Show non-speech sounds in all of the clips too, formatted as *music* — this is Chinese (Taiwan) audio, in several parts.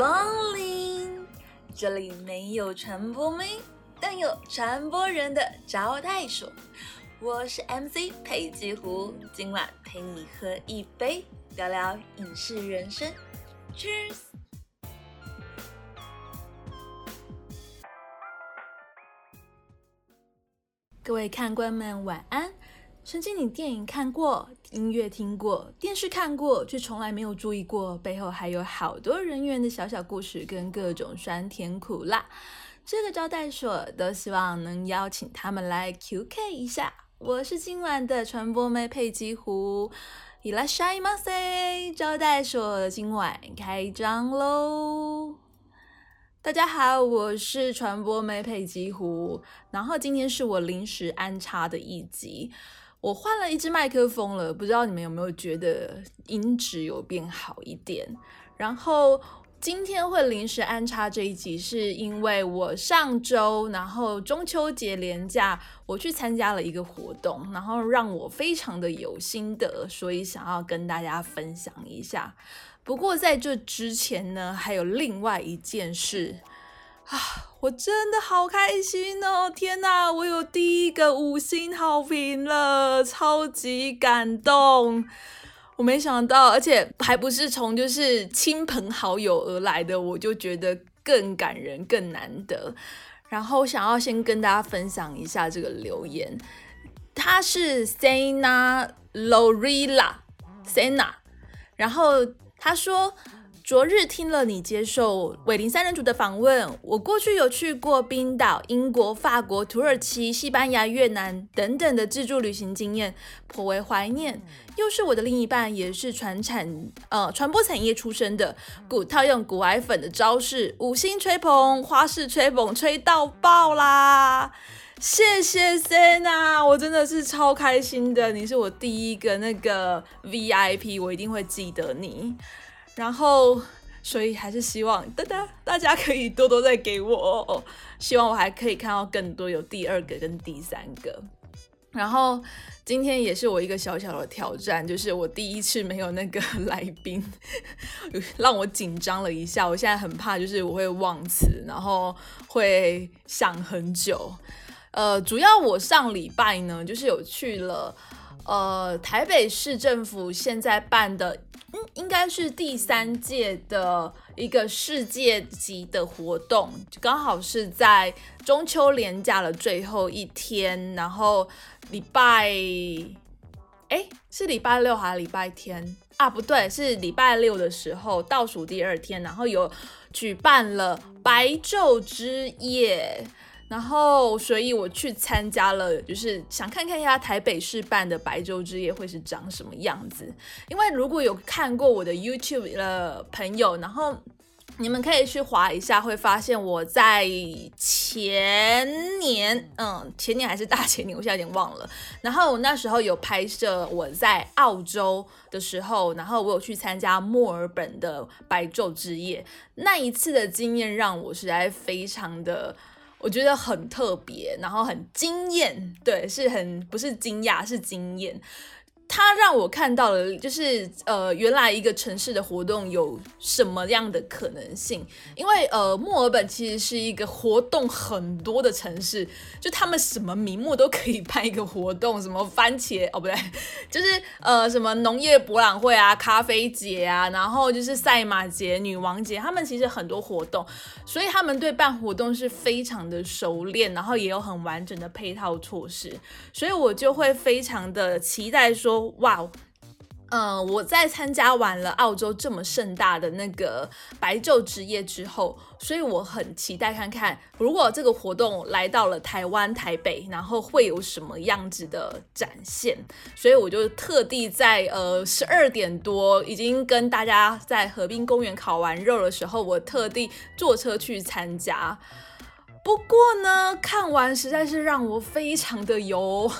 光臨，這裡沒有傳播名，但有傳播人的招待所。我是 MC 珮姬狐，今晚陪你喝一杯，聊聊影視人生。Cheers，各位看官們，晚安。曾經你電影看過，音樂聽過，電視看過，卻從來沒有注意過，背後還有好多人員的小小故事跟各種酸甜苦辣。這個招待所都希望能邀請他們來 QK 一下。我是今晚的傳播妹珮姬狐，いらっしゃいませ！招待所今晚開張嘍！大家好，我是傳播妹珮姬狐，然後今天是我臨時安插的一集。我換了一支麥克風了，不知道你們有沒有覺得音質有變好一點。然後今天會臨時安插這一集，是因為我上周然後中秋節連假，我去參加了一個活動，然後讓我非常的有心得，所以想要跟大家分享一下。不過在這之前呢，還有另外一件事啊。我真的好開心哦！天哪，我有第一個五星好評了，超級感動！我沒想到，而且還不是從就是親朋好友而來的，我就覺得更感人、更難得。然後想要先跟大家分享一下這個留言，他是 Sena Lorilla, Sena，Wow. 然後他說。昨日聽了你接受韋林三人組的訪問，我過去有去過冰島、英國、法國、土耳其、西班牙、越南等等的自助旅行經驗，頗為懷念。又是我的另一半，也是傳產呃傳播產業出身的，古套用股癌粉的招式，五星吹捧、花式吹捧，吹到爆啦！謝謝 Cena，我真的是超開心的。你是我第一個那個 VIP，我一定會記得你。然後，所以還是希望，大家大家可以多多再給我哦，希望我還可以看到更多，有第二個跟第三個。然後今天也是我一個小小的挑戰，就是我第一次沒有那個來賓，讓我緊張了一下。我現在很怕，就是我會忘詞，然後會想很久。呃，主要我上禮拜呢，就是有去了，呃，台北市政府現在辦的。嗯，應該是第三屆的一個世界級的活動，剛好是在中秋連假的最後一天，然後禮拜，哎、欸，是禮拜六還是禮拜天啊？不對，是禮拜六的時候，倒數第二天，然後有舉辦了白晝之夜。然後，所以我去參加了，就是想看看一下台北市辦的白晝之夜會是長什麼樣子。因為如果有看過我的 YouTube 的朋友，然後你們可以去滑一下，會發現我在前年，嗯，前年還是大前年，我現在有點忘了。然後我那時候有拍攝我在澳洲的時候，然後我有去參加墨爾本的白晝之夜，那一次的經驗讓我實在非常的。我覺得很特別，然後很驚艷，對，是很，不是驚訝，是驚艷。他讓我看到了，就是呃，原來一個城市的活動有什麼樣的可能性？因為呃，墨爾本其實是一個活動很多的城市，就他們什麼名目都可以辦一個活動，什麼番茄哦不對，就是呃什麼農業博覽會啊、咖啡節啊，然後就是賽馬節、女王節，他們其實很多活動，所以他們對辦活動是非常的熟練，然後也有很完整的配套措施，所以我就會非常的期待說。哇哦，嗯、wow，呃，我在參加完了澳洲這麼盛大的那個白晝之夜之後，所以我很期待看看如果這個活動來到了台灣台北，然後會有什麼樣子的展現。所以我就特地在呃十二點多已經跟大家在河濱公園烤完肉的時候，我特地坐車去參加。不過呢，看完實在是讓我非常的油。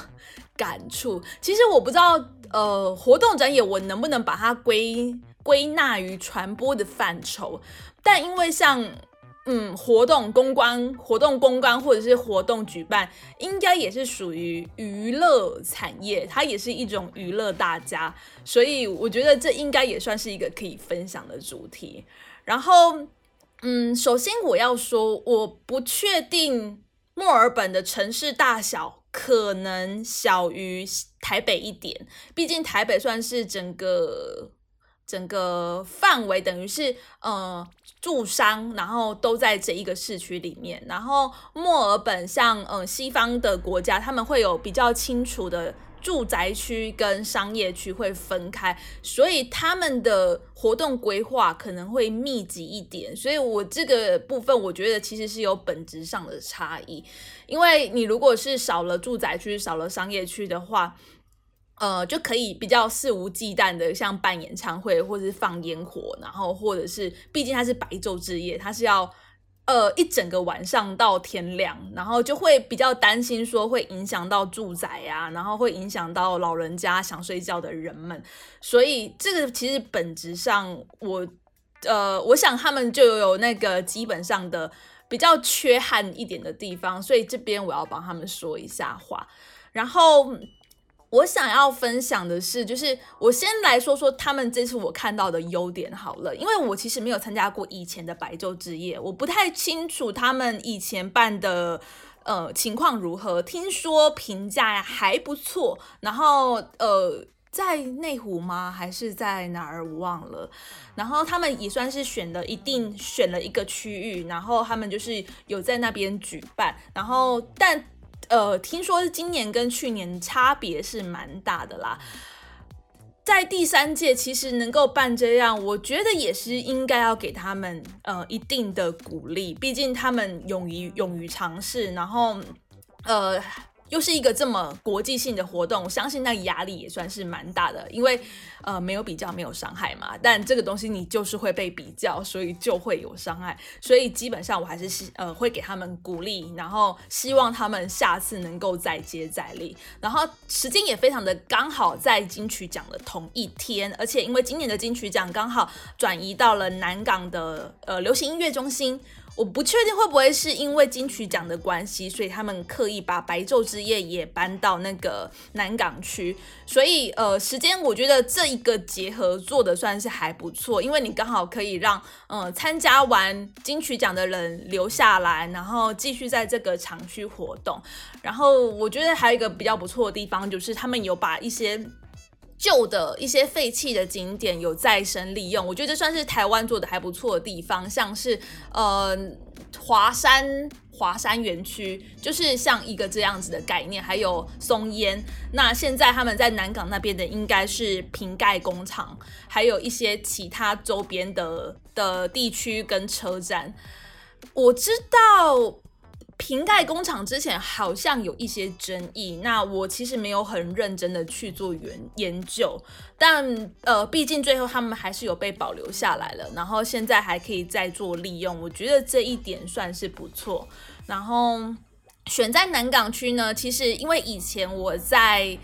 感觸其實我不知道，呃，活動展演我能不能把它歸歸納於傳播的範疇？但因為像嗯，活動公關、活動公關或者是活動舉辦，應該也是屬於娛樂產業，它也是一種娛樂大家，所以我覺得這應該也算是一個可以分享的主題。然後，嗯，首先我要說，我不確定墨爾本的城市大小。可能小於台北一點，畢竟台北算是整個整個範圍，等於是呃住商，然後都在這一個市區裡面。然後墨爾本像嗯、呃、西方的國家，他們會有比較清楚的。住宅區跟商業區會分開，所以他們的活動規劃可能會密集一點。所以我這個部分，我覺得其實是有本質上的差異，因為你如果是少了住宅區、少了商業區的話，呃，就可以比較肆無忌憚的，像辦演唱會或是放煙火，然後或者是，畢竟它是白晝之夜，它是要。呃，一整個晚上到天亮，然後就會比較擔心說會影響到住宅呀、啊，然後會影響到老人家想睡覺的人們，所以這個其實本質上我，我呃，我想他們就有那個基本上的比較缺憾一點的地方，所以這邊我要幫他們說一下話，然後。我想要分享的是，就是我先來說說他們這次我看到的優點好了，因為我其實沒有參加過以前的白晝之夜，我不太清楚他們以前辦的呃情況如何，聽說評價還不錯，然後呃在內湖嗎還是在哪兒我忘了，然後他們也算是選了一定選了一個區域，然後他們就是有在那邊舉辦，然後但。呃，聽說今年跟去年差別是蠻大的啦，在第三屆其實能夠辦這樣，我覺得也是應該要給他們呃一定的鼓勵，畢竟他們勇於勇於嘗試，然後呃。又是一個這麼國際性的活動，我相信那個壓力也算是蠻大的，因為呃，沒有比較沒有傷害嘛，但這個東西你就是會被比較，所以就會有傷害，所以基本上我還是呃會給他們鼓勵，然後希望他們下次能夠再接再厲，然後時間也非常的剛好在金曲獎的同一天，而且因為今年的金曲獎剛好轉移到了南港的呃流行音樂中心。我不確定會不會是因為金曲獎的關係，所以他們刻意把白晝之夜也搬到那個南港區。所以，呃，時間我覺得這一個結合做的算是還不錯，因為你剛好可以讓嗯、呃、參加完金曲獎的人留下來，然後繼續在這個場區活動。然後，我覺得還有一個比較不錯的地方就是他們有把一些。舊的一些廢棄的景點有再生利用，我覺得這算是台灣做得還不錯的地方。像是呃華山華山園區，就是像一個這樣子的概念，還有松菸。那現在他們在南港那邊的應該是瓶蓋工廠，還有一些其他周邊的的地區跟車站，我知道。瓶蓋工廠之前好像有一些爭議，那我其實沒有很認真的去做研研究，但呃，畢竟最後他們還是有被保留下來了，然後現在還可以再做利用，我覺得這一點算是不錯。然後選在南港區呢，其實因為以前我在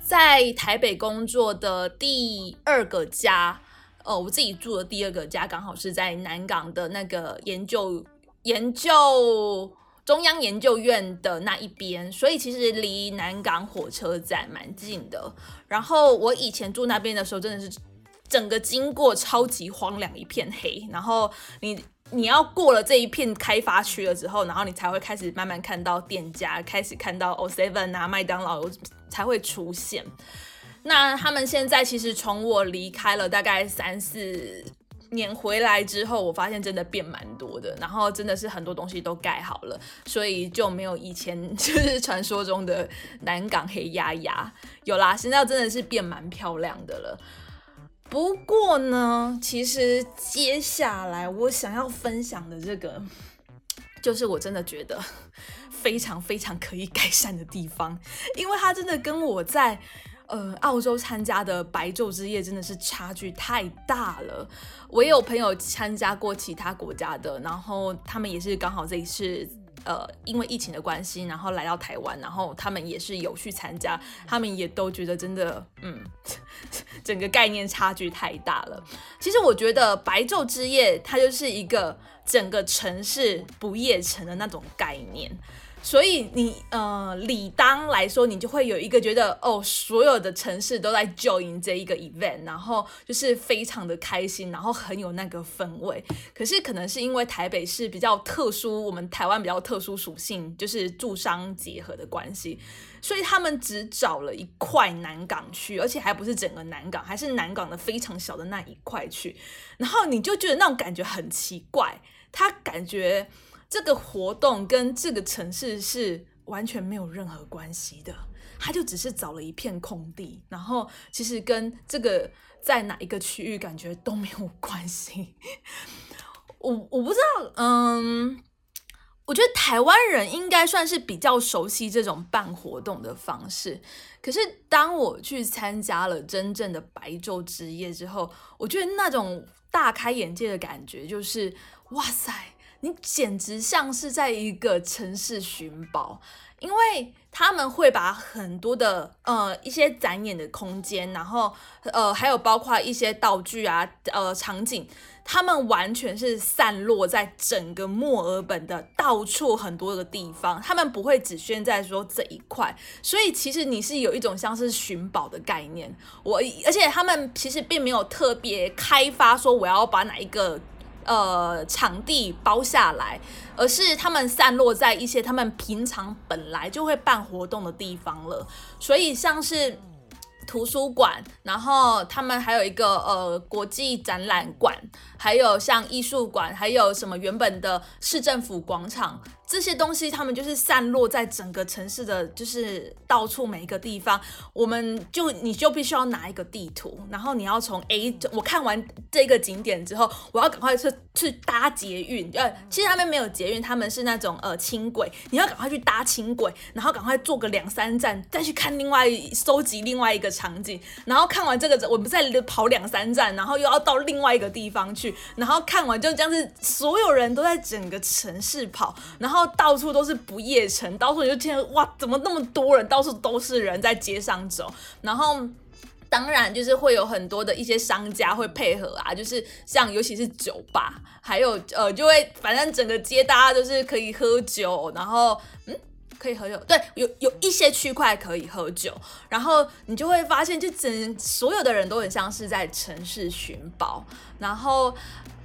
在台北工作的第二個家，哦、呃，我自己住的第二個家剛好是在南港的那個研究研究。中央研究院的那一邊，所以其實離南港火車站蠻近的。然後我以前住那邊的時候，真的是整個經過超級荒涼，一片黑。然後你你要過了這一片開發區了之後，然後你才會開始慢慢看到店家，開始看到 o seven 啊、麥當勞才會出現。那他們現在其實從我離開了大概三四。攆回來之後，我發現真的變蠻多的，然後真的是很多東西都蓋好了，所以就沒有以前就是傳說中的南港黑鴨鴨，有啦，現在真的是變蠻漂亮的了。不過呢，其實接下來我想要分享的這個，就是我真的覺得非常非常可以改善的地方，因為它真的跟我在。呃，澳洲參加的白晝之夜真的是差距太大了。我也有朋友參加過其他國家的，然後他們也是剛好這一次，呃，因為疫情的關係，然後來到台灣，然後他們也是有去參加，他們也都覺得真的，嗯，整個概念差距太大了。其實我覺得白晝之夜它就是一個整個城市不夜城的那種概念。所以你呃，理當來說，你就會有一個覺得哦，所有的城市都在 join 這一個 event，然後就是非常的開心，然後很有那個氛圍。可是可能是因為台北是比較特殊，我們台灣比較特殊屬性，就是住商結合的關係，所以他們只找了一塊南港區，而且還不是整個南港，還是南港的非常小的那一塊區。然後你就覺得那種感覺很奇怪，他感覺。這個活動跟這個城市是完全沒有任何關係的，他就只是找了一片空地，然後其實跟這個在哪一個區域感覺都沒有關係。我我不知道，嗯，我覺得台灣人應該算是比較熟悉這種辦活動的方式。可是當我去參加了真正的白晝之夜之後，我覺得那種大開眼界的感覺就是，哇塞！你簡直像是在一個城市尋寶，因為他們會把很多的呃一些展演的空間，然後呃還有包括一些道具啊呃場景，他們完全是散落在整個墨爾本的到處很多的地方，他們不會只選在說這一塊，所以其實你是有一種像是尋寶的概念。我而且他們其實並沒有特別開發說我要把哪一個。呃，場地包下來，而是他們散落在一些他們平常本來就會辦活動的地方了。所以像是圖書館，然後他們還有一個呃國際展覽館，還有像藝術館，還有什麼原本的市政府廣場。這些東西他們就是散落在整個城市的，就是到處每一個地方，我們就你就必須要拿一個地圖，然後你要從 A，我看完這個景點之後，我要趕快去去搭捷運，呃，其實他們沒有捷運，他們是那種呃輕軌，你要趕快去搭輕軌，然後趕快坐個兩三站，再去看另外收集另外一個場景，然後看完這個，我們再跑兩三站，然後又要到另外一個地方去，然後看完就這樣子，所有人都在整個城市跑，然後。然後到處都是不夜城，到處你就聽哇，怎麼那麼多人？到處都是人在街上走，然後當然就是會有很多的一些商家會配合啊，就是像尤其是酒吧，還有呃就會反正整個街大家都是可以喝酒，然後嗯可以喝酒，對，有有一些區塊可以喝酒，然後你就會發現，就整所有的人都很像是在城市尋寶，然後。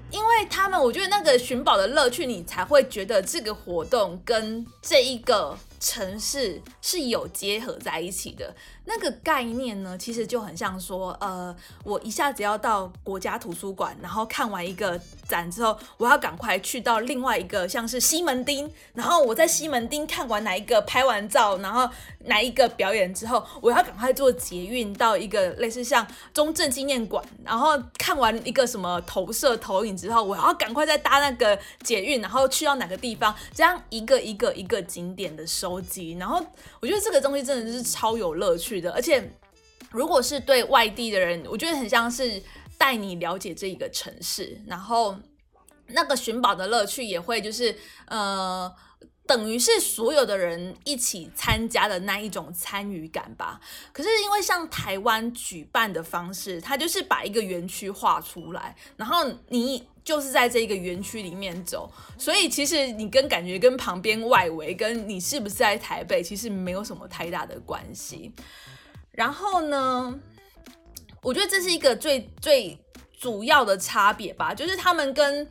因為他們，我覺得那個尋寶的樂趣，你才會覺得這個活動跟這一個城市是有結合在一起的。那個概念呢，其實就很像說，呃，我一下子要到國家圖書館，然後看完一個展之後，我要趕快去到另外一個，像是西門町，然後我在西門町看完哪一個拍完照，然後哪一個表演之後，我要趕快坐捷運到一個類似像中正紀念館，然後看完一個什麼投射投影之後，我要趕快再搭那個捷運，然後去到哪個地方，這樣一個一個一個景點的收集，然後我覺得這個東西真的就是超有樂趣的。而且，如果是對外地的人，我覺得很像是帶你了解這一個城市，然後那個尋寶的樂趣也會就是，呃，等於是所有的人一起參加的那一種參與感吧。可是因為像台灣舉辦的方式，他就是把一個園區畫出來，然後你，就是在這一個園區裡面走，所以其實你跟感覺跟旁邊外圍，跟你是不是在台北，其實沒有什麼太大的關係。然後呢，我覺得這是一個最最主要的差別吧，就是他們跟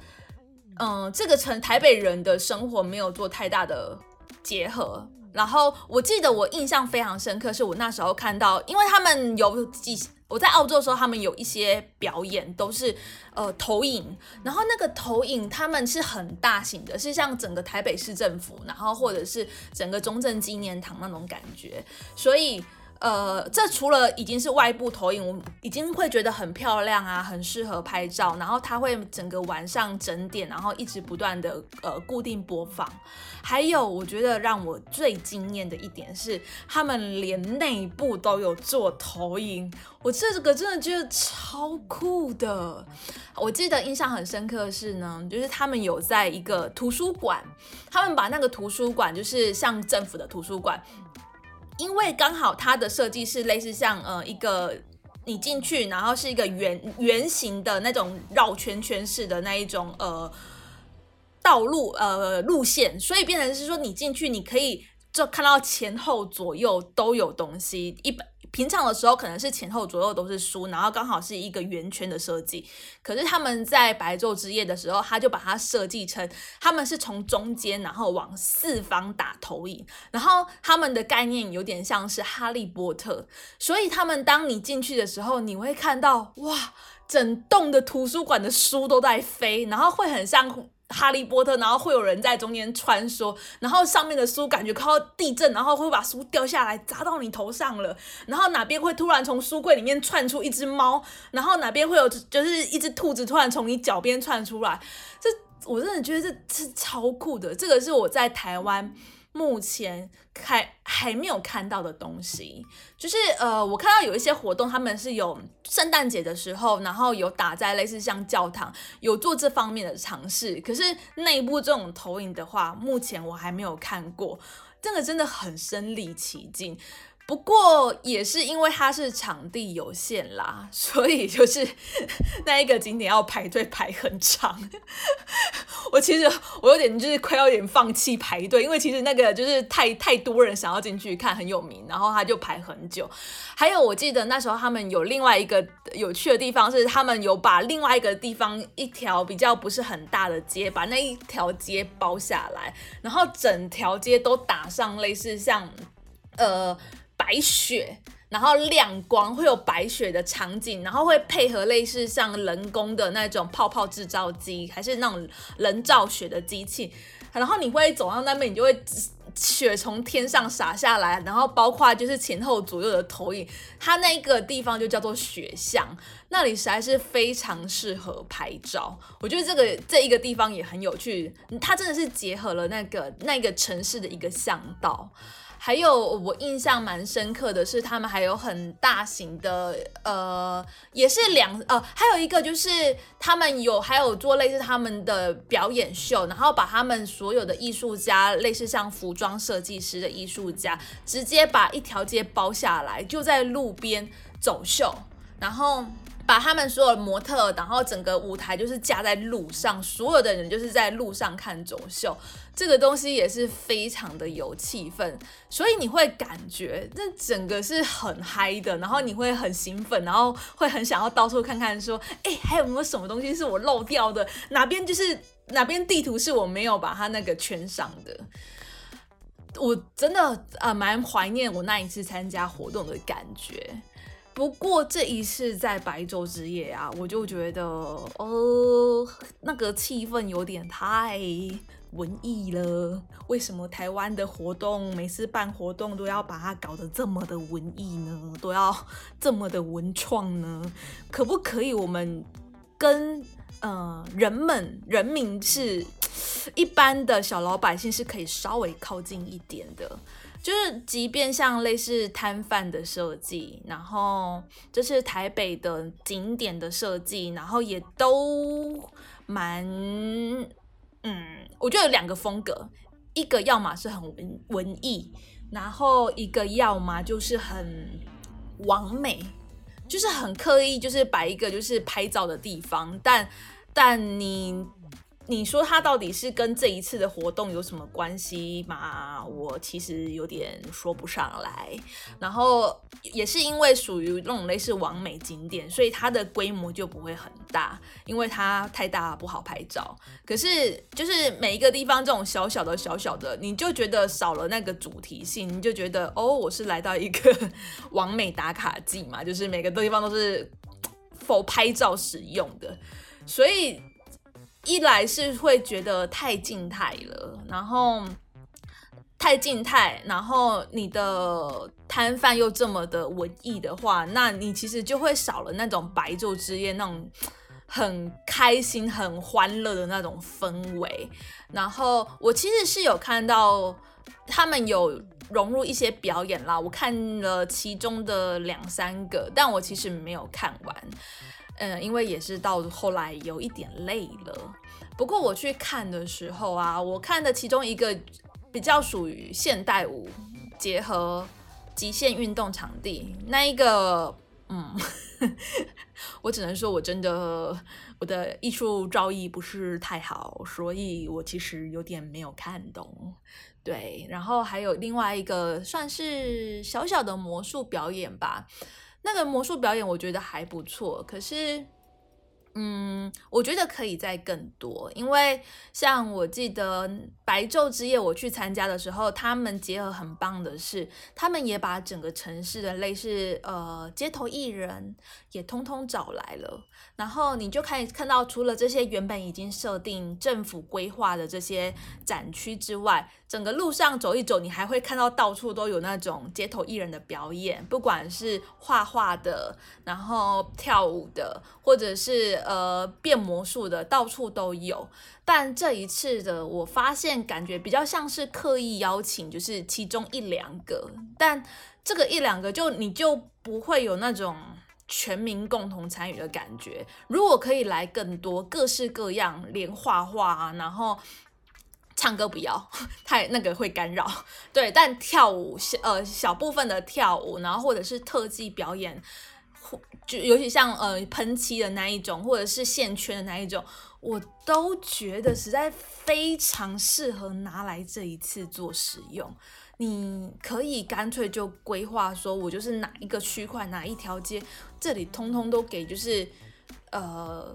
嗯、呃、這個城台北人的生活沒有做太大的結合。然後我記得我印象非常深刻，是我那時候看到，因為他們有幾。我在澳洲的時候，他們有一些表演都是，呃，投影，然後那個投影他們是很大型的，是像整個台北市政府，然後或者是整個中正紀念堂那種感覺，所以。呃，這除了已經是外部投影，我已經會覺得很漂亮啊，很適合拍照。然後它會整個晚上整點，然後一直不斷的呃固定播放。還有，我覺得讓我最驚艷的一點是，他們連內部都有做投影。我這個真的覺得超酷的。我記得印象很深刻的是呢，就是他們有在一個圖書館，他們把那個圖書館就是像政府的圖書館。因為剛好它的設計是類似像呃一個你進去，然後是一個圓圓形的那種繞圈圈式的那一種呃道路呃路線，所以變成是說你進去你可以就看到前後左右都有東西，一般。平常的時候可能是前後左右都是書，然後剛好是一個圓圈的設計。可是他們在白晝之夜的時候，他就把它設計成他們是從中間然後往四方打投影，然後他們的概念有點像是哈利波特。所以他們當你進去的時候，你會看到哇，整棟的圖書館的書都在飛，然後會很像。哈利波特，然後會有人在中間穿梭，然後上面的書感覺靠地震，然後會把書掉下來砸到你頭上了。然後哪邊會突然從書櫃裡面竄出一隻貓，然後哪邊會有就是一隻兔子突然從你腳邊竄出來，這我真的覺得這是超酷的。這個是我在台灣。目前還還沒有看到的東西，就是呃，我看到有一些活動，他們是有聖誕節的時候，然後有打在類似像教堂，有做這方面的嘗試。可是內部這種投影的話，目前我還沒有看過，這個真的很身臨其境。不過也是因為它是場地有限啦，所以就是那一個景點要排隊排很長。 *laughs* 我其實我有點就是快要點放棄排隊，因為其實那個就是太太多人想要進去看，很有名，然後他就排很久。還有我記得那時候他們有另外一個有趣的地方是，他們有把另外一個地方一條比較不是很大的街，把那一條街包下來，然後整條街都打上類似像呃。白雪，然後亮光會有白雪的場景，然後會配合類似像人工的那種泡泡製造機，還是那種人造雪的機器。然後你會走到那邊，你就會雪從天上灑下來，然後包括就是前後左右的投影。它那一個地方就叫做雪巷，那裡實在是非常適合拍照。我覺得這個這一個地方也很有趣，它真的是結合了那個那個城市的一個巷道。還有我印象蠻深刻的是，他們還有很大型的，呃，也是兩呃，還有一個就是他們有還有做類似他們的表演秀，然後把他們所有的藝術家，類似像服裝設計師的藝術家，直接把一條街包下來，就在路邊走秀，然後。把他們所有模特，然後整個舞台就是架在路上，所有的人就是在路上看走秀，這個東西也是非常的有氣氛，所以你會感覺那整個是很嗨的，然後你會很興奮，然後會很想要到處看看說，說、欸、哎，還有沒有什麼東西是我漏掉的？哪邊就是哪邊地圖是我沒有把它那個圈上的？我真的啊蠻懷念我那一次參加活動的感覺。不過這一次在白晝之夜啊，我就覺得，哦，那個氣氛有點太文藝了。為什麼台灣的活動每次辦活動都要把它搞得這麼的文藝呢？都要這麼的文創呢？可不可以我們跟，呃，人們、人民是一般的小老百姓是可以稍微靠近一點的？就是，即便像類似攤販的設計，然後就是台北的景點的設計，然後也都蠻，嗯，我覺得有兩個風格，一個要麼是很文文藝，然後一個要麼就是很完美，就是很刻意，就是擺一個就是拍照的地方，但但你。你說它到底是跟這一次的活動有什麼關係嗎？我其實有點說不上來。然後也是因為屬於那種類似網美景點，所以它的規模就不會很大，因為它太大不好拍照。可是就是每一個地方這種小小的小小的，你就覺得少了那個主題性，你就覺得哦，我是來到一個網美打卡季嘛，就是每個地方都是 for 拍照使用的，所以。一來是會覺得太靜態了，然後太靜態，然後你的攤販又這麼的文藝的話，那你其實就會少了那種白晝之夜那種很開心、很歡樂的那種氛圍。然後我其實是有看到他們有融入一些表演啦，我看了其中的兩三個，但我其實沒有看完。嗯，因為也是到後來有一點累了。不過我去看的時候啊，我看的其中一個比較屬於現代舞結合極限運動場地那一個，嗯， *laughs* 我只能說我真的我的藝術造詣不是太好，所以我其實有點沒有看懂。對，然後還有另外一個算是小小的魔術表演吧。那個魔術表演我覺得還不錯，可是。嗯，我覺得可以再更多，因為像我記得《白晝之夜》我去參加的時候，他們結合很棒的是，他們也把整個城市的類似呃街頭藝人也通通找來了。然後你就可以看到，除了這些原本已經設定政府規劃的這些展區之外，整個路上走一走，你還會看到到處都有那種街頭藝人的表演，不管是畫畫的，然後跳舞的，或者是。呃，變魔術的到處都有，但這一次的我發現感覺比較像是刻意邀請，就是其中一兩個，但這個一兩個就你就不會有那種全民共同參與的感覺。如果可以來更多各式各樣，連畫畫啊，然後唱歌不要太那個會干擾，對，但跳舞小呃小部分的跳舞，然後或者是特技表演，就尤其像呃噴漆的那一種，或者是線圈的那一種，我都覺得實在非常適合拿來這一次做使用。你可以乾脆就規劃說，我就是哪一個區塊，哪一條街，這裡通通都給就是呃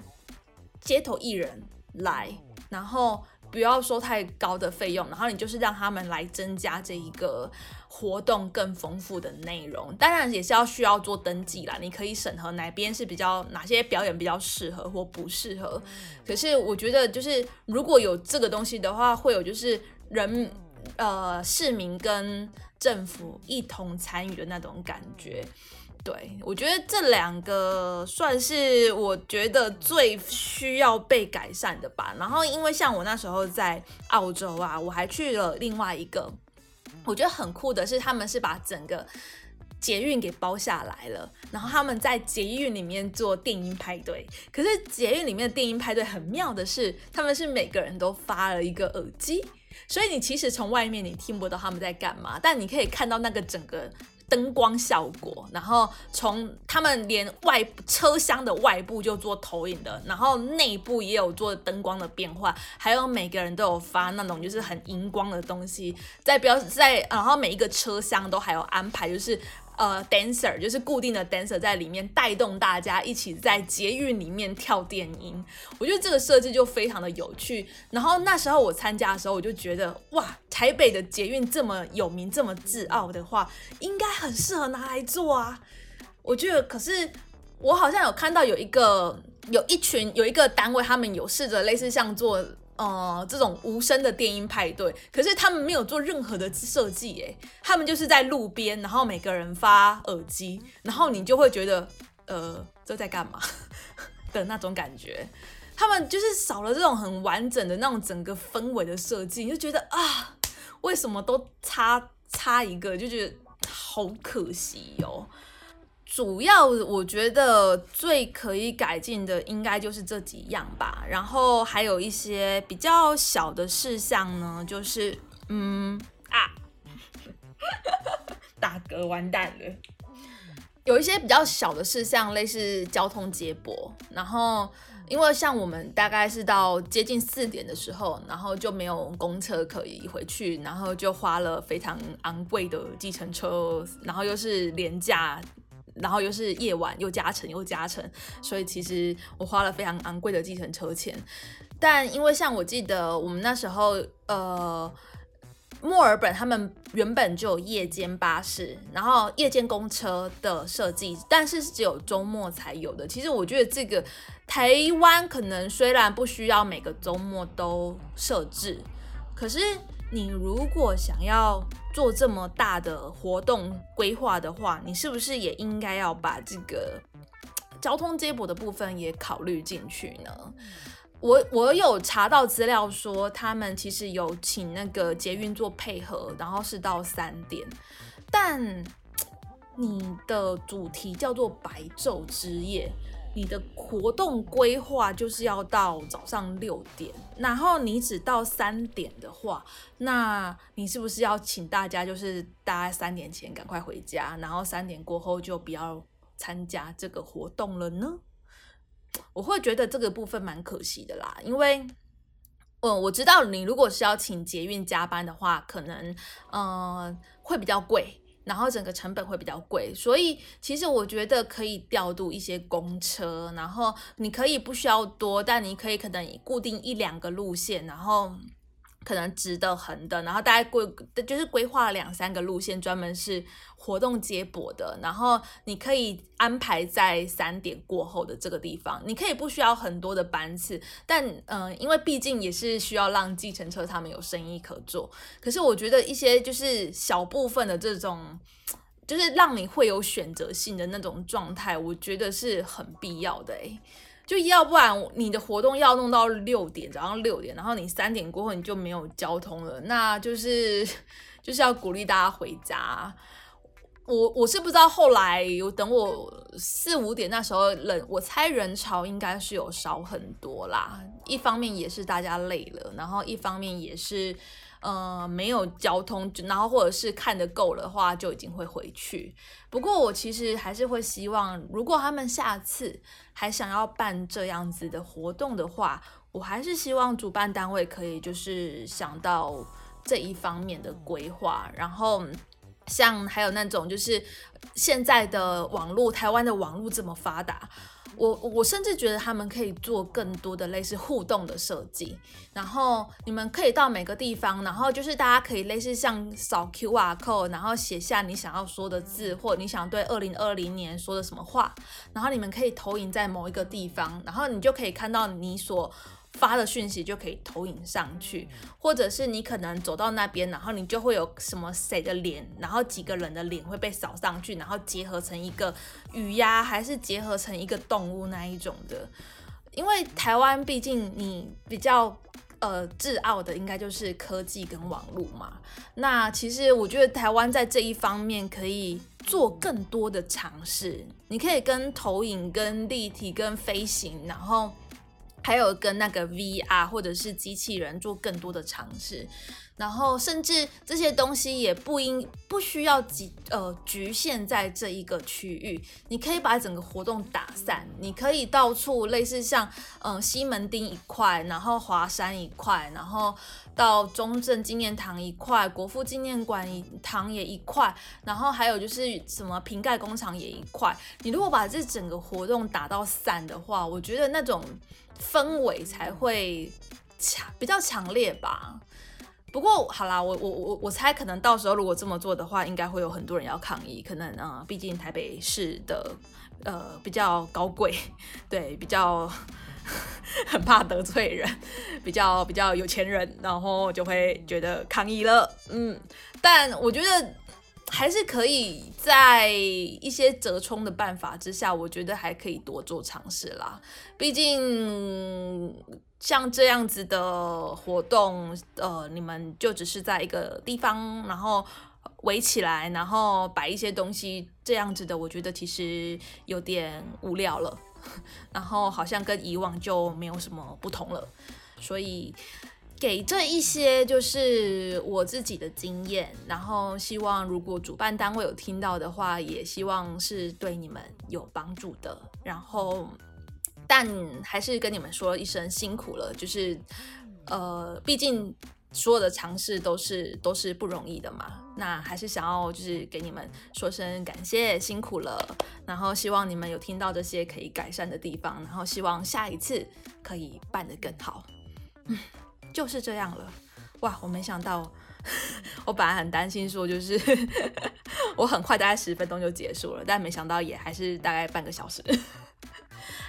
街頭藝人來，然後。不要收太高的費用，然後你就是讓他們來增加這一個活動更豐富的內容，當然也是要需要做登記啦。你可以審核哪邊是比較哪些表演比較適合或不適合。可是我覺得，就是如果有這個東西的話，會有就是人呃市民跟政府一同參與的那種感覺。對，我覺得這兩個算是我覺得最需要被改善的吧。然後，因為像我那時候在澳洲啊，我還去了另外一個，我覺得很酷的是，他們是把整個捷運給包下來了，然後他們在捷運裡面做電音派對。可是捷運裡面的電音派對很妙的是，他們是每個人都發了一個耳機，所以你其實從外面你聽不到他們在幹嘛，但你可以看到那個整個。燈光效果，然後從他們連外車廂的外部就做投影的，然後內部也有做燈光的變化，還有每個人都有發那種就是很熒光的東西在標在，然後每一個車廂都還有安排就是。呃、uh，dancer 就是固定的 dancer 在裡面帶動大家一起在捷運裡面跳電音，我覺得這個設計就非常的有趣。然後那時候我參加的時候，我就覺得哇，台北的捷運這麼有名、這麼自傲的話，應該很適合拿來做啊。我覺得，可是我好像有看到有一個有一群有一個單位，他們有試着類似像做。哦、嗯，這種無聲的電音派對，可是他們沒有做任何的設計，耶，他們就是在路邊，然後每個人發耳機，然後你就會覺得，呃，這在幹嘛的那種感覺，他們就是少了這種很完整的那種整個氛圍的設計，就覺得啊，為什麼都差差一個，就覺得好可惜喲、哦。主要我覺得最可以改進的應該就是這幾樣吧，然後還有一些比較小的事項呢，就是嗯啊，大哥完蛋了，有一些比較小的事項，類似交通接駁，然後因為像我們大概是到接近四點的時候，然後就沒有公車可以回去，然後就花了非常昂貴的計程車，然後又是廉價。然後又是夜晚，又加成，又加成。所以其實我花了非常昂貴的計程車錢。但因為像我記得我們那時候，呃，墨爾本他們原本就有夜間巴士，然後夜間公車的設計，但是，是只有周末才有的。其實我覺得這個台灣可能雖然不需要每個周末都設置，可是。你如果想要做這麼大的活動規劃的話，你是不是也應該要把這個交通接駁的部分也考慮進去呢？我我有查到資料說，他們其實有請那個捷運做配合，然後是到三點。但你的主題叫做“白晝之夜”。你的活動規劃就是要到早上六點，然後你只到三點的話，那你是不是要請大家就是大家三點前趕快回家，然後三點過後就不要參加這個活動了呢？我會覺得這個部分蠻可惜的啦，因為，嗯，我知道你如果是要請捷運加班的話，可能嗯、呃、會比較貴。然後整個成本會比較貴，所以其實我覺得可以調度一些公車，然後你可以不需要多，但你可以可能固定一兩個路線，然後。可能直的、橫的，然後大概規就是規劃了兩三個路線，專門是活動接駁的。然後你可以安排在三點過後的這個地方，你可以不需要很多的班次，但嗯、呃，因為畢竟也是需要讓計程車他們有生意可做。可是我覺得一些就是小部分的這種，就是讓你會有選擇性的那種狀態，我覺得是很必要的誒。就要不然你的活動要弄到六點，早上六點，然後你三點過後你就沒有交通了，那就是就是要鼓勵大家回家。我我是不知道後來有等我四五點那時候人，我猜人潮應該是有少很多啦，一方面也是大家累了，然後一方面也是。呃，沒有交通，然後或者是看得夠的話，就已經會回去。不過我其實還是會希望，如果他們下次還想要辦這樣子的活動的話，我還是希望主辦單位可以就是想到這一方面的規劃。然後像還有那種就是現在的網絡，台灣的網絡這麼發達。我我甚至覺得他們可以做更多的類似互動的設計，然後你們可以到每個地方，然後就是大家可以類似像掃 QR code，然後寫下你想要說的字或你想對2020年說的什麼話，然後你們可以投影在某一個地方，然後你就可以看到你所。發的訊息就可以投影上去，或者是你可能走到那邊，然後你就會有什麼誰的臉，然後幾個人的臉會被掃上去，然後結合成一個魚呀、啊，還是結合成一個動物那一種的。因為台灣畢竟你比較呃自傲的，應該就是科技跟網絡嘛。那其實我覺得台灣在這一方面可以做更多的嘗試，你可以跟投影、跟立體、跟飛行，然後。還有跟那個 VR 或者是機器人做更多的嘗試，然後甚至這些東西也不應不需要局呃侷限在這一個區域，你可以把整個活動打散，你可以到處類似像嗯、呃、西門町一塊，然後華山一塊，然後到中正紀念堂一塊，國父紀念館一堂也一塊，然後還有就是什麼瓶蓋工廠也一塊，你如果把這整個活動打到散的話，我覺得那種。氛圍才會強，比較強烈吧。不過好啦，我我我我猜可能到時候如果這麼做的話，應該會有很多人要抗議。可能啊，畢竟台北市的呃比較高貴，對比較很怕得罪人，比較比較有錢人，然後就會覺得抗議了。嗯，但我覺得。還是可以在一些折衷的辦法之下，我覺得還可以多做嘗試啦。畢竟像這樣子的活動，呃，你們就只是在一個地方，然後圍起來，然後擺一些東西，這樣子的，我覺得其實有點無聊了。然後好像跟以往就沒有什麼不同了，所以。給這一些就是我自己的經驗，然後希望如果主辦單位有聽到的話，也希望是對你們有幫助的。然後，但還是跟你們說一聲辛苦了，就是，呃，畢竟所有的嘗試都是都是不容易的嘛。那還是想要就是給你們說聲感謝，辛苦了。然後希望你們有聽到這些可以改善的地方，然後希望下一次可以辦得更好。嗯。就是這樣了，哇！我沒想到，我本來很擔心說，就是我很快大概十分鐘就結束了，但沒想到也還是大概半個小時。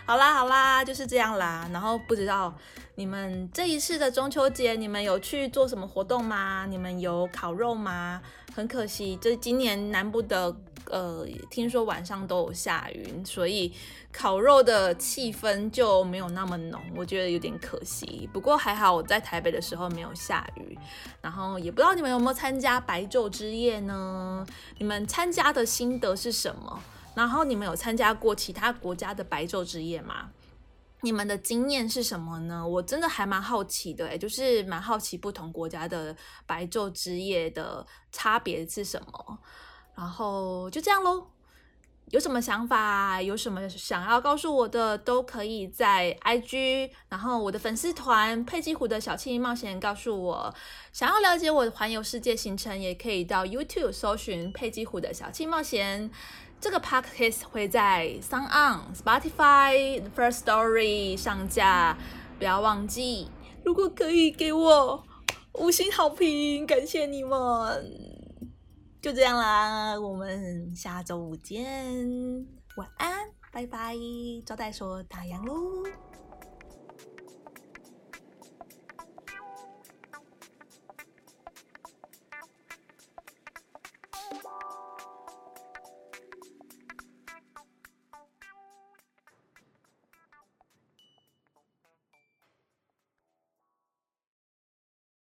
好啦好啦，就是這樣啦。然後不知道你們這一次的中秋節，你們有去做什麼活動嗎？你們有烤肉嗎？很可惜，這、就是、今年南部的。呃，聽說晚上都有下雨，所以烤肉的氣氛，就沒有那麼濃，我覺得有點可惜。不過還好我在台北的時候沒有下雨，然後也不知道你們有沒有參加白晝之夜呢？你們參加的心得是什麼？然後你們有參加過其他國家的白晝之夜嗎？你們的經驗是什麼呢？我真的還蠻好奇的，欸，誒，就是蠻好奇不同國家的白晝之夜的差別是什麼。然後就這樣嘍，有什麼想法，有什麼想要告訴我的，都可以在 IG，然後我的粉絲團珮姬狐的小氣冒險告訴我。想要了解我的環遊世界行程，也可以到 YouTube 搜尋珮姬狐的小氣冒險。這個 Podcast 會在 SoundOn, Spotify, Firstory 上架，不要忘記。如果可以給我五星好評，感謝你們。就這樣啦，我們下週五見，晚安，拜拜，招待所打烊嘍。